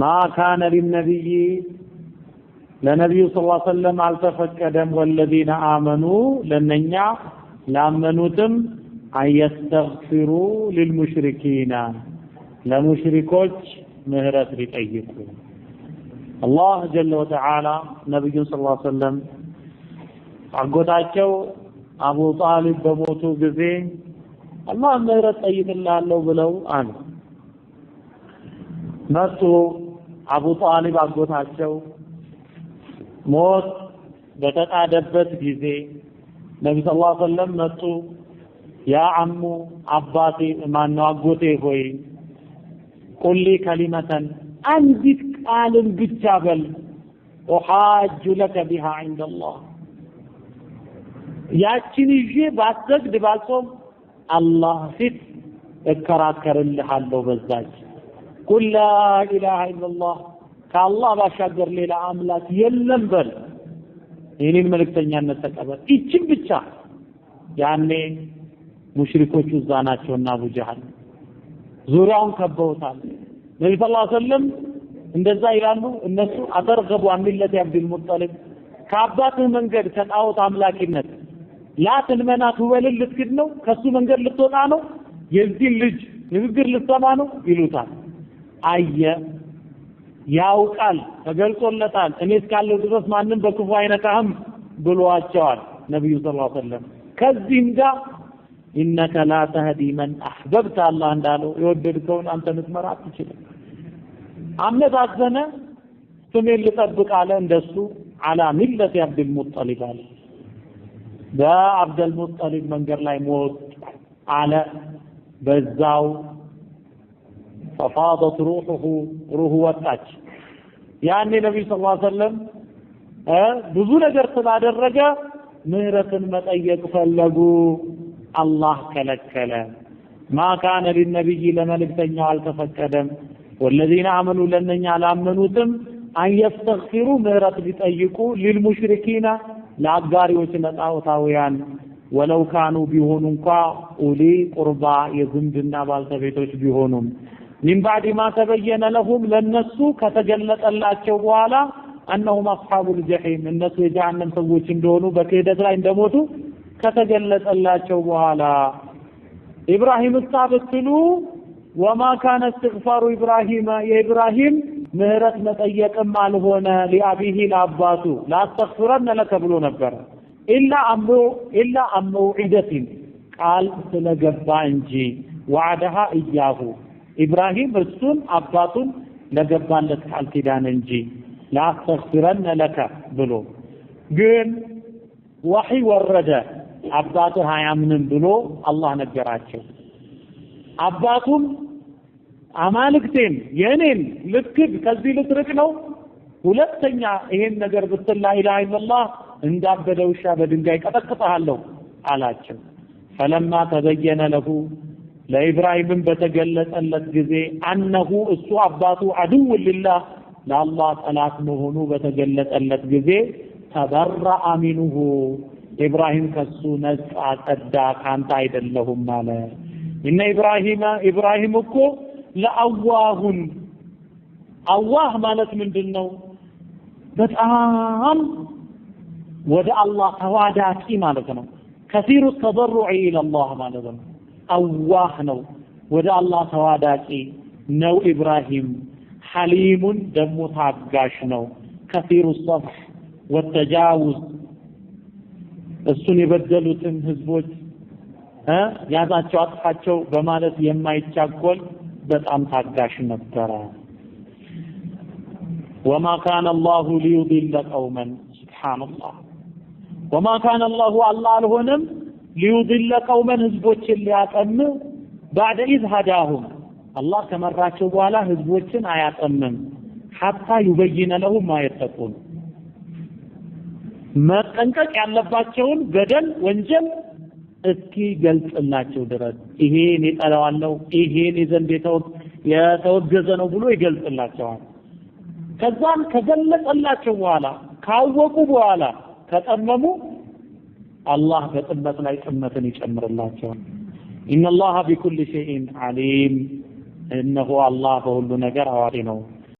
ማ ካነ ሊነቢይ ለነቢዩ ስ ሰለም አልተፈቀደም ወለዚነ አመኑ ለነኛ ላመኑትም አንየስተግፊሩ ልልሙሽሪኪና ለሙሽሪኮች ምህረት ሊጠይቁ አላህ ጀለ ወተዓላ ነቢዩን ስ ሰለም አጎታቸው አቡ ጣሊብ በሞቱ ጊዜ አላህ ምህረት ጠይቅላለሁ ብለው አሉ መጡ። አቡ ጣሊብ አጎታቸው ሞት በተቃደበት ጊዜ ነቢ ስ ላ ሰለም መጡ። ያ አሙ አባቴ ማነው አጎቴ ሆይ ቁሊ ከሊመተን አንዲት ቃልን ብቻ በል ኡሓጁ ለከ ቢሃ ዐንደ ላህ ያችን ይዤ ባሰግድ ባልጾም አላህ ፊት እከራከርልሃለሁ በዛች ቁል ላ ኢላሃ ኢላላህ ከአላህ ባሻገር ሌላ አምላክ የለም በል የኔን መልእክተኛነት ተቀበል ይችን ብቻ ያኔ ሙሽሪኮቹ እዛ ናቸውና አቡ ጀሃል ዙሪያውን ከበውታል ነቢ ስ ሰለም እንደዛ ይላሉ እነሱ አተርገቡ አሚለት አብድልሙጠሊብ ከአባትህ መንገድ ከጣዖት አምላኪነት ላትን መናት ውበልን ልትክድ ነው ከሱ መንገድ ልትወጣ ነው የዚህ ልጅ ንግግር ልትሰማ ነው ይሉታል አየ ያውቃል ተገልጾለታል እኔ እስካለሁ ድረስ ማንም በክፉ አይነካህም ብሏቸዋል ነቢዩ ስ ሰለም ከዚህም ጋር ኢነከ ላ ተህዲ መን አሕበብተ አላህ እንዳለው የወደድከውን አንተ ልትመራ አትችልም አመዛዘነ ስሜን ልጠብቅ አለ እንደሱ አላ ሚለቲ አብድልሙጠሊብ አለ በአብደልሙጠሊብ መንገድ ላይ ሞት አለ በዛው ፈፋደት ሩሑሁ ሩሁ ወጣች። ያኔ ነቢዩ ስ ሰለም ብዙ ነገር ስላደረገ ምህረትን መጠየቅ ፈለጉ። አላህ ከለከለ። ማ ካነ ሊነቢይ ለመልእክተኛው አልተፈቀደም። ወለዚነ አመኑ ለእነኛ አላመኑትም አንየስተግፊሩ ምህረት ሊጠይቁ ሊልሙሽሪኪና ለአጋሪዎች ለጣዖታውያን ወለው ካኑ ቢሆኑ እንኳ ኡሊ ቁርባ የዝምድና ባልተቤቶች ቢሆኑም ሚን ተበየነ ለሁም ለነሱ ከተገለጠላቸው በኋላ አነሁም አስሓቡል ጀሒም እነሱ የጀሃነም ሰዎች እንደሆኑ በክህደት ላይ እንደሞቱ ከተገለጠላቸው በኋላ ኢብራሂም እሳ ብትሉ ወማ ካነ እስትግፋሩ ኢብራሂም የኢብራሂም ምህረት መጠየቅም አልሆነ ሊአቢሂ ለአባቱ ላስተግፍረነ ለከ ብሎ ነበረ ኢላ ኢላ ቃል ስለገባ እንጂ ወዓደሃ እያሁ ኢብራሂም እሱን አባቱን ለገባለት ቃል ኪዳን እንጂ ላአስተግፊረነ ለከ ብሎ ግን ወሕይ ወረደ አባትህ አያምንም ብሎ አላህ ነገራቸው። አባቱም አማልክቴን የእኔን ልክድ ከዚህ ልትርቅ ነው፣ ሁለተኛ ይሄን ነገር ብትል ላኢላሃ ኢለላህ እንዳበደ ውሻ በድንጋይ ቀጠቅጠሃለሁ አላቸው። ፈለማ ተበየነ ለሁ ለኢብራሂምም በተገለጸለት ጊዜ አነሁ እሱ አባቱ አድው ልላህ ለአላህ ጠላት መሆኑ በተገለጸለት ጊዜ ተበረአ ሚንሁ ኢብራሂም ከሱ ነጻ ጸዳ ካንተ አይደለሁም አለ እነ ኢብራሂም ኢብራሂም እኮ ለአዋሁን አዋህ ማለት ምንድን ነው በጣም ወደ አላህ ተዋዳቂ ማለት ነው ከሲሩ ተበሩዕ ኢለላህ ማለት ነው አዋህ ነው ወደ አላህ ተዋዳቂ ነው ኢብራሂም ሐሊሙን ደግሞ ታጋሽ ነው ከፊሩ ሰፍሕ ወተጃውዝ እሱን የበደሉትን ህዝቦች ያዛቸው አጥፋቸው በማለት የማይቻኮል በጣም ታጋሽ ነበረ ወማ ካነ አላሁ ሊዩድለ ቀውመን ስብሓንላህ ወማ ካነ አላሁ አላህ አልሆነም ሊዩድለ ቀውመን ህዝቦችን ሊያጠም ባዕደ ኢዝ ሀዳሁም አላህ ከመራቸው በኋላ ህዝቦችን አያጠምም ሐታ ዩበይነ ለሁም ማየተቁን መጠንቀቅ ያለባቸውን በደል ወንጀል እስኪ ገልጽላቸው ድረስ ይሄን የጠለዋለው ይሄን የዘንድ የተወገዘ ነው ብሎ ይገልጽላቸዋል። ከዛም ከገለጸላቸው በኋላ ካወቁ በኋላ ከጠመሙ አላህ በጥመት ላይ ጥመትን ይጨምርላቸዋል። ኢነላሃ ቢኩል ሸይኢን ዓሊም፣ እነሆ አላህ በሁሉ ነገር አዋቂ ነው።